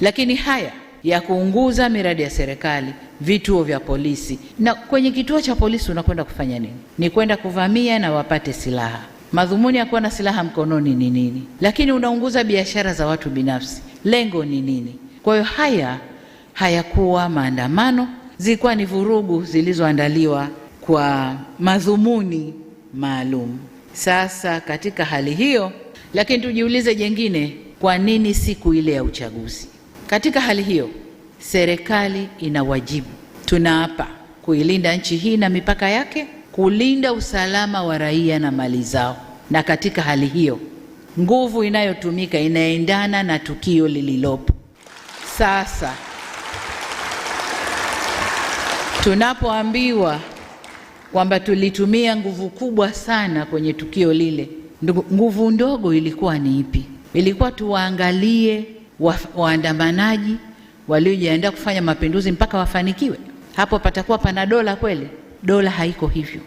Lakini haya ya kuunguza miradi ya serikali, vituo vya polisi, na kwenye kituo cha polisi unakwenda kufanya nini? Ni kwenda kuvamia na wapate silaha. Madhumuni ya kuwa na silaha mkononi ni nini? Lakini unaunguza biashara za watu binafsi, lengo ni nini? Kwa hiyo haya hayakuwa maandamano, zilikuwa ni vurugu zilizoandaliwa kwa madhumuni maalum. Sasa katika hali hiyo, lakini tujiulize jengine, kwa nini siku ile ya uchaguzi katika hali hiyo, serikali ina wajibu, tunaapa kuilinda nchi hii na mipaka yake, kulinda usalama wa raia na mali zao, na katika hali hiyo nguvu inayotumika inaendana na tukio lililopo. Sasa tunapoambiwa kwamba tulitumia nguvu kubwa sana kwenye tukio lile, nguvu ndogo ilikuwa ni ipi? Ilikuwa tuwaangalie wa, waandamanaji waliojiandaa kufanya mapinduzi mpaka wafanikiwe? Hapo patakuwa pana dola kweli? Dola haiko hivyo.